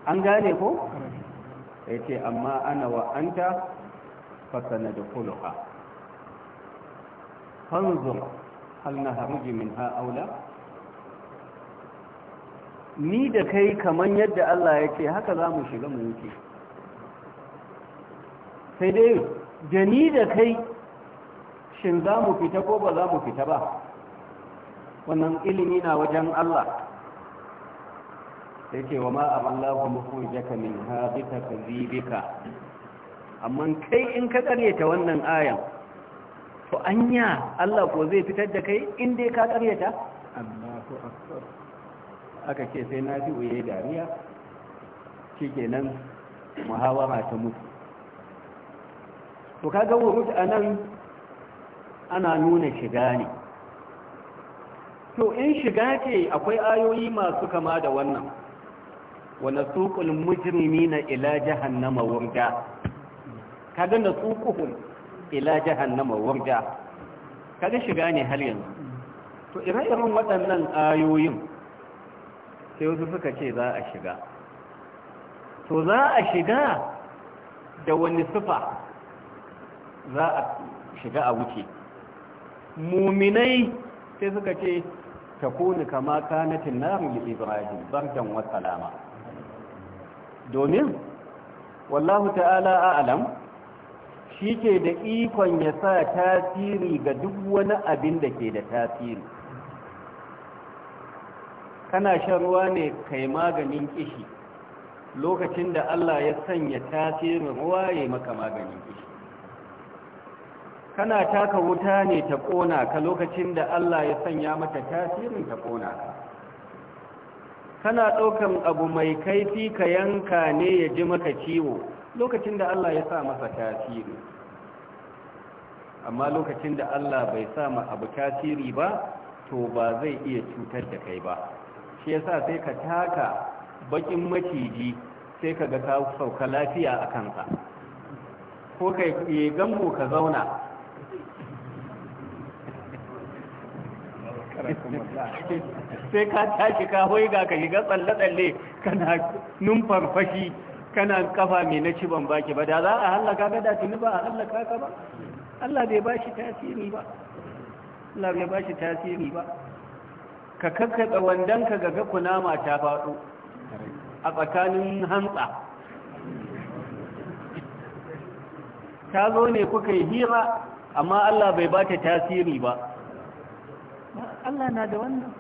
an gane ko? ya ce amma ana wa'anta fasana da kuluka. fanzur hal na haruji min ha'aula ni da kai kamar yadda Allah ya ce haka za mu shiga mu yake sai dai da ni da kai shin za mu fita ko ba za mu fita ba wannan ilimi na wajen Allah sai ce wa ma ma'amallahu jaka min habita ka. amma kai in ka karyata wannan ayan to anya Allah ko zai fitar da kai in dai ka karyata Allahu akbar aka ce sai na biyu ya yi dariya shi nan muhawara ta mutu to kaga wurud a nan ana nuna shiga ne to in shiga ce akwai ayoyi masu kama da wannan wane suƙul mujrimi na ila na wurda kaga na suƙuhun ila na wurda kaga shiga ne har yanzu to ire-iren waɗannan ayoyin sai wasu suka ce za a shiga to za a shiga da wani sufa za a shiga a wuce muminai sai suka ce ta kone kama kanatin namun ibrahim bardan wata salama domin wallahu ta'ala a alam shi ke da ikon ya sa tasiri ga duk wani abin da ke da tasiri kana shan ruwa ne kai maganin kishi lokacin da Allah ya sanya tasirin ruwa ya maka maganin kishi kana taka wuta ne ta kona ka lokacin da Allah ya sanya mata tasirin ta kona ka kana ɗaukan abu mai kaifi ka yanka ne ya ji maka ciwo lokacin da Allah ya sa masa tasiri amma lokacin da Allah bai sa ma abu tasiri ba to ba zai iya cutar da kai ba shi yasa sai ka taka bakin maciji sai ka ga ta sauka lafiya a kansa ko ka yi gambo ka zauna sai ka tashi ka hoiga ka shiga tsalle-tsalle kana fashi kana kafa mai na ciban baki ba da za a hallaka ga da ni ba a hallaka ka ba Allah bai ba shi tasiri ba Allah bai ba shi tasiri ba ka kakkaɓe ka ga ga kunama ta faɗo a tsakanin hantsa ta zo ne kuka yi hira amma Allah bai ba ta tasiri ba Allah na da wannan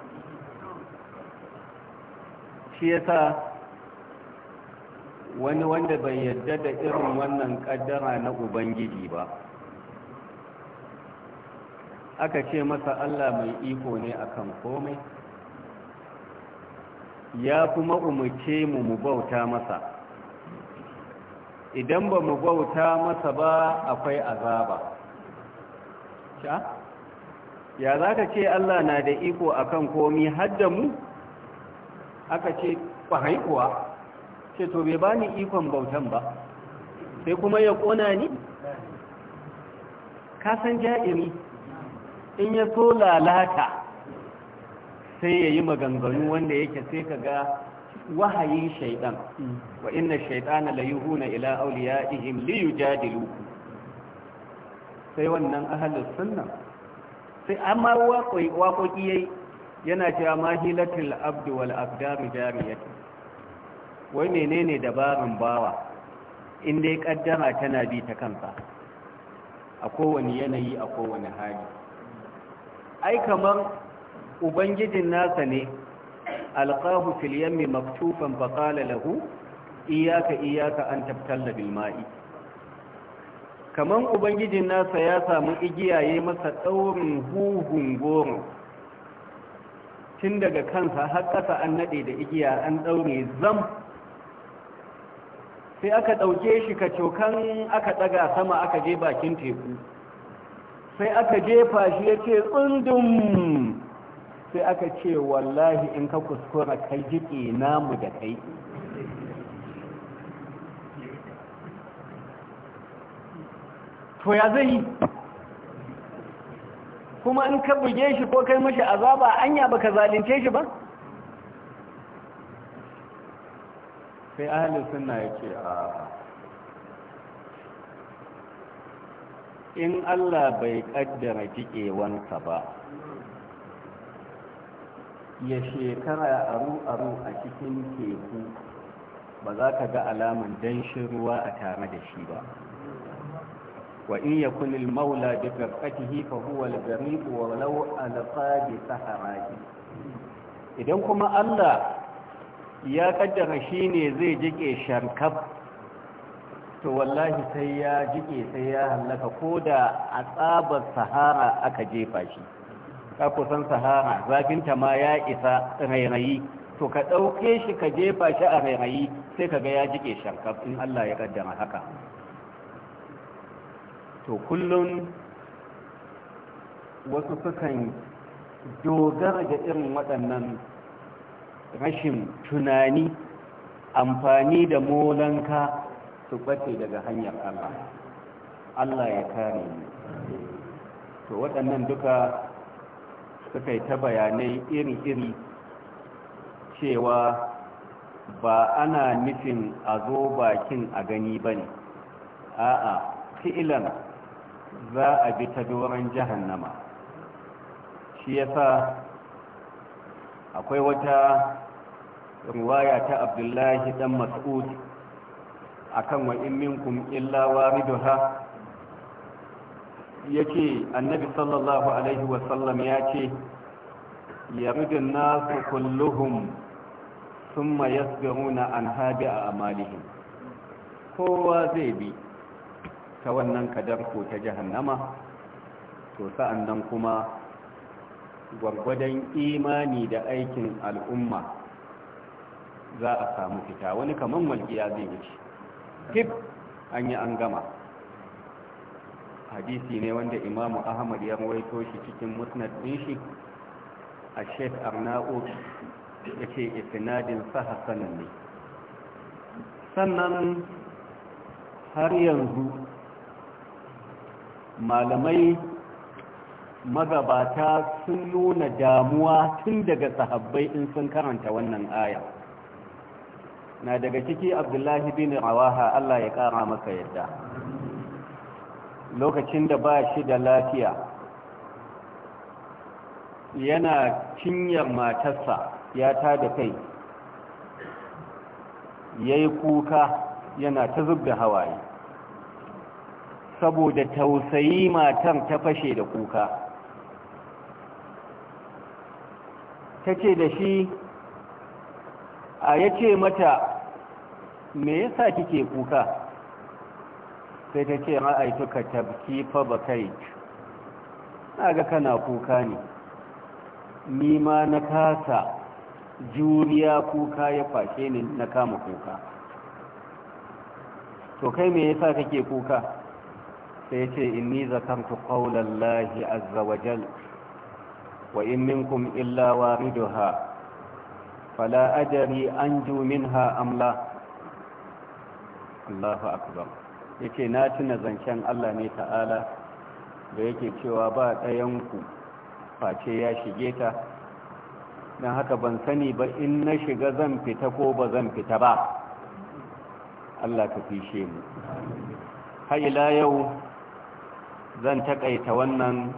shi yasa wani wanda bai yadda da irin wannan ƙaddara na ubangiji ba aka ce masa Allah mai iko ne akan komai ya kuma umarce mu mu bauta masa idan ba mu bauta masa ba akwai azaba ya za ka ce Allah na da iko akan komi hadda mu aka ce ba haikuwa ce to bai bani ikon bautan ba sai kuma ya ƙona ni kasan ja'iri in ya so lalata sai ya yi maganganu wanda yake sai ka ga wahayin shaidan wa inna shaidana la yuhuna ila awliyaihim li yujadilu sai wannan ahlus sunna sai amma waƙoƙi waƙoƙi yayi yana cewa mahilatul abd wal abdaru jariyat wai menene dabarun bawa in dai kaddara tana bi ta kansa a kowane yanayi a kowane hali ai kamar ubangijin nasa ne alqahu fil yammi maktufan fa qala lahu iyyaka iyyaka an tabtalla bil ma'i kaman ubangijin nasa ya samu igiyaye masa daurin huhun goro tun daga kansa har ƙasa an nade da igiya an daure zam sai aka ɗauke shi ka cokan aka daga sama aka je bakin teku sai aka jefa shi ya ce tsundum sai aka ce wallahi in ka kuskura kai jiki namu da kai to ya zai yi kuma in ka buge shi ko kai mashi azaba anya baka zalunce shi ba sai ahalin suna ya ce a in Allah bai kaddara wanka ba ya shekara aru-aru a cikin teku ba za ka ga alaman danshin ruwa a tare da shi ba wa in ya maula da karfatihi fa huwa al wa law alqa idan kuma Allah ya kaddara ne zai jike sharkaf to wallahi sai ya jike sai ya hallaka ko da a tsabar sahara aka jefa shi ka kusan sahara zafinta ma ya isa rairayi to ka ɗauke shi ka jefa shi a rairayi sai ka ga ya jike shankaf in Allah ya kaddama haka to kullum wasu sukan dogara da irin waɗannan rashin tunani amfani da molanka su bace daga hanyar Allah Allah ya kare ni to waɗannan duka suka yi ta bayanai iri-iri cewa ba ana nufin a zo bakin a gani ba ne a'a fi'ilan za a bi ta doron jahannama shi yasa akwai wata riwaya ta abdullahi dan mas'ud akan wa in minkum illa Ya ce annabi sallallahu alaihi wasallam ya ce yaridun nasu kulluhun summa yasbiruna an habi a amalihim kowa zai bi ta wannan kadarko ta jahannama to sa'an nan kuma gwargwadon imani da aikin al'umma za a samu fita wani kamar malgiya zai wuce kif an yi an gama hadisi ne wanda imamu ahmad ya rawaito shi cikin musnad din shi a sheikh arnaud ya ce isinadin sa ne sannan har yanzu malamai magabata sun nuna damuwa tun daga sahabbai in sun karanta wannan aya na daga ciki abdullahi bin rawaha Allah ya kara maka yadda lokacin da ba shi da lafiya yana cinyar matarsa ya ta da kai ya yi kuka yana ta zub da hawaye saboda tausayi matan ta fashe da kuka ta ce da shi a ya ce mata me yasa kike kuka sai ta ce ra'aituka tabki fa kai. na ga kana kuka ne ni ma na kasa juriya kuka ya fashe ni na kama kuka to kai me yasa kake kuka sai ya ce inni zakantu qaulallahi azza wa jal wa in minkum illa wariduha fala ajri anju minha amla Allahu akbar yace na tuna zancen Allah ne ta'ala da yake cewa ba ɗayanku face ya shige ta don haka ban sani ba in na shiga zan fita ko ba zan fita ba Allah ka fishe mu haila yau zan takaita wannan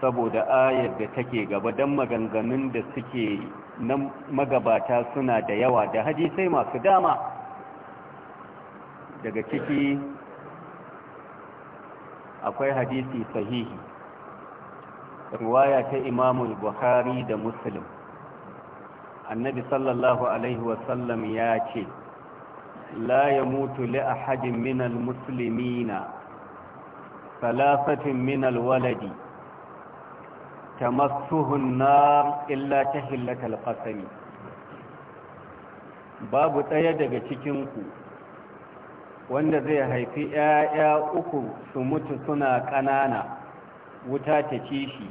saboda ayar da take gaba don maganganun da suke na magabata suna da yawa da hadisai masu dama daga ciki akwai hadisi sahihi riwaya ta imamul buhari da muslim annabi sallallahu alaihi wasallam ya ce la ya mutu li ahadin minal muslimina salafatin minal waladi masuhun nar illa tahillatal ƙasari. babu ɗaya daga cikinku wanda zai haifi 'ya'ya uku su mutu suna ƙanana wuta ta ci shi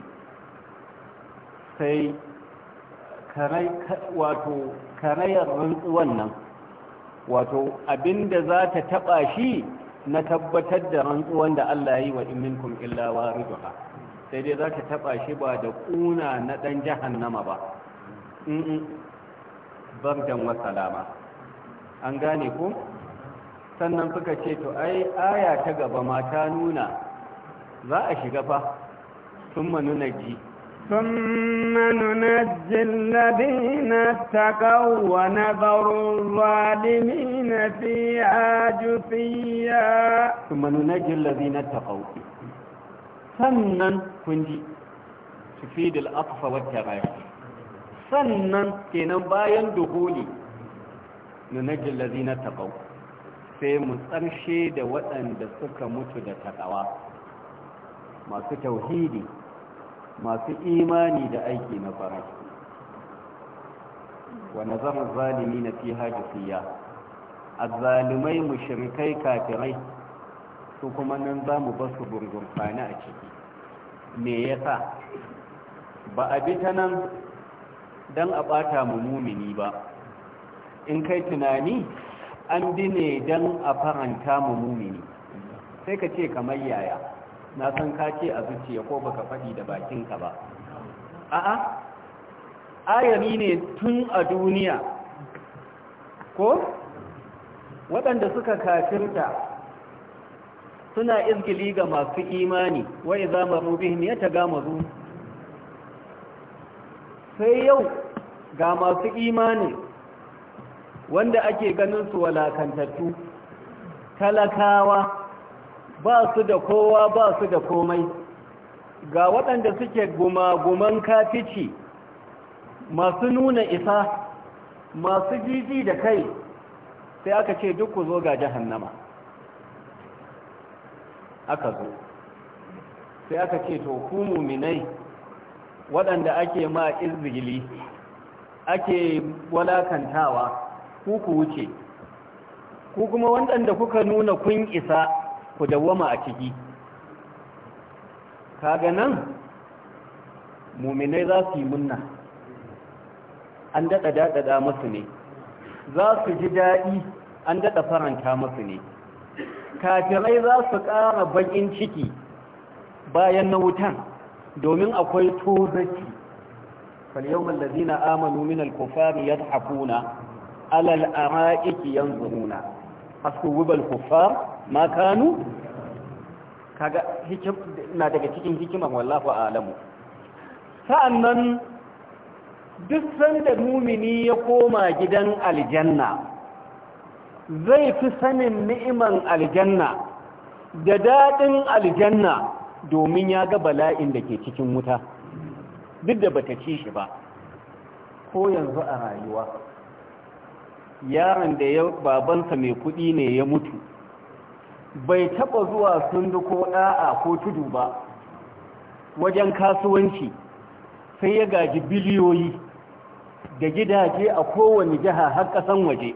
sai karayar rantsuwan nan wato abinda za ta taɓa shi na tabbatar da rantsuwan da Allah yi wa iminkum illa wariduha sai dai za ta taɓa shi ba da ƙuna na ɗan jahannama ba in bardan wa salama an gane ku sannan suka ce to ai aya ta gaba ma ta nuna za a shiga fa sun manuna ji ثم walimi na اتقوا ونذر الظالمين فيها جثيا ثم na الذين اتقوا sannan kunji tufid al-aqfa wata tabayun sannan kenan bayan duhuli nunajji allazina taqaw sai mu tsarshe da waɗanda suka mutu da taɗawa masu tauhidi masu imani da aiki na farai wane zama zalimi na fi hajjisiya a zalimai mushrikai kafirai su kuma nan za mu ba su burgurfani a ciki me ya sa ba a bi ta nan don a ɓata mu mumini ba in kai tunani an bi ne don a faranta mu mumini sai ka ce kamar yaya na san ka ce a zuciya ko baka faɗi da bakinka ba a'a ayami ne tun a duniya ko waɗanda suka kafirta suna izgili ga masu imani wa iza marubihim ya tagamazu sai yau ga masu imani. wanda ake ganin su walakantattu talakawa ba su da kowa ba su da komai ga waɗanda suke gumaguman kafici masu nuna isa masu jiji da kai sai aka ce duk ku zo ga jahannama aka zo sai aka ce to ku muminai waɗanda ake ma izgili ake walakantawa ku ku wuce ku kuma waɗanda kuka nuna kun isa ku dawwama a ciki kaga nan muminai za su yi munna an daɗa daɗaɗa masu ne za su ji daɗi an daɗa faranta masu ne kafirai za su ƙara baƙin ciki bayan na wutan domin akwai tozaki falyawar da zina amanu min alkufari ya haƙuna alal ara'iki yanzuruna asubul kufar ma kanu kaga hikim na daga cikin hikimar wallahu a'lamu sa'annan duk sanda mumini ya koma gidan aljanna zai fi sanin ni'iman aljanna da daɗin aljanna domin ya ga bala'in da ke cikin wuta duk da bata ci shi ba ko yanzu a rayuwa yaron da ya babansa mai kuɗi ne ya mutu bai taɓa zuwa sundu ko ɗa'a ko tudu ba wajen kasuwanci sai ya gaji biliyoyi da gidaje a kowane jiha har ƙasan waje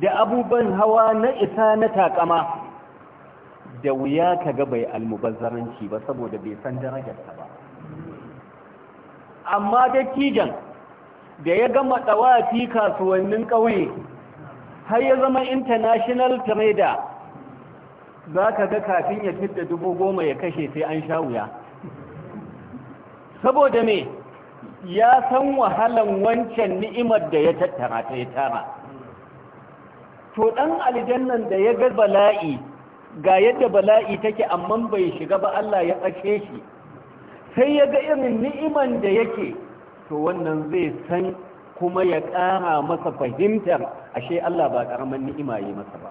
da abubuwan hawa na isa na takama da wuya ka ga bai almubazzaranci ba saboda bai san darajarsa ba amma dattijan da ya gama ɗawafi kasuwannin ƙauye har ya zama international trader za ka ga kafin ya da dubu goma ya kashe sai an sha wuya saboda me ya san wahalan wancan ni'imar da ya tattara ta ya tara to ɗan aljannan da ya ga bala'i ga yadda bala'i take amma bai shiga ba Allah ya tsake shi sai ya ga irin ni'iman da yake to wannan zai san kuma ya ƙara masa fahimtar ashe Allah ba ƙaramin ni'ima yi masa ba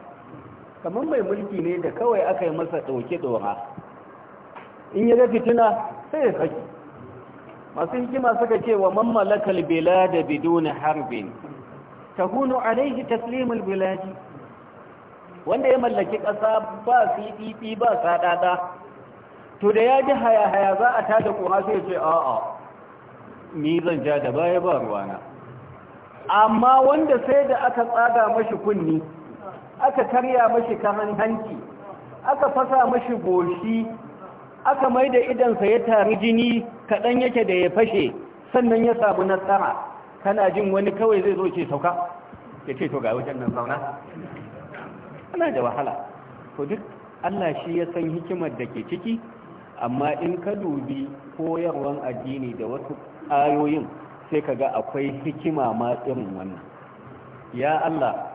kamar mai mulki ne da kawai aka yi masa ɗauke ɗora in ya ga fitina sai ya saki masu hikima suka ce wa man malakal bilada biduna harbin tahunu alaihi taslimul biladi wanda ya mallaki ƙasa ba fififi ba sadada to da ya ji haya haya za a tada ƙura sai ya ce a'a ni zan ja da baya ba ruwana amma wanda sai da aka tsada mashi kunni aka karya mashi kahan hanci aka fasa mashi goshi aka mai da idansa ya taru jini kaɗan yake da ya fashe sannan ya samu nasara kana jin wani kawai zai zo ce sauka ya ce to ga wajen nan zauna. ana da wahala to duk Allah shi ya san hikimar da ke ciki amma in ka dubi koyarwan addini da wasu ayoyin sai ka ga akwai hikima ma irin wannan ya Allah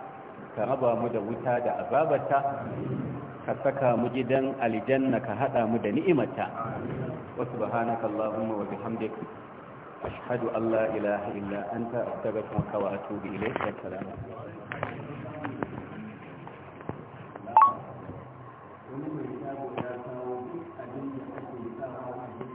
ka raba mu da wuta da azabata ka saka mu gidan aljanna ka hada mu da ni'imata wa subhanaka allahumma wa bihamdik ashhadu an la ilaha illa anta astaghfiruka wa atubu ilayk assalamu alaikum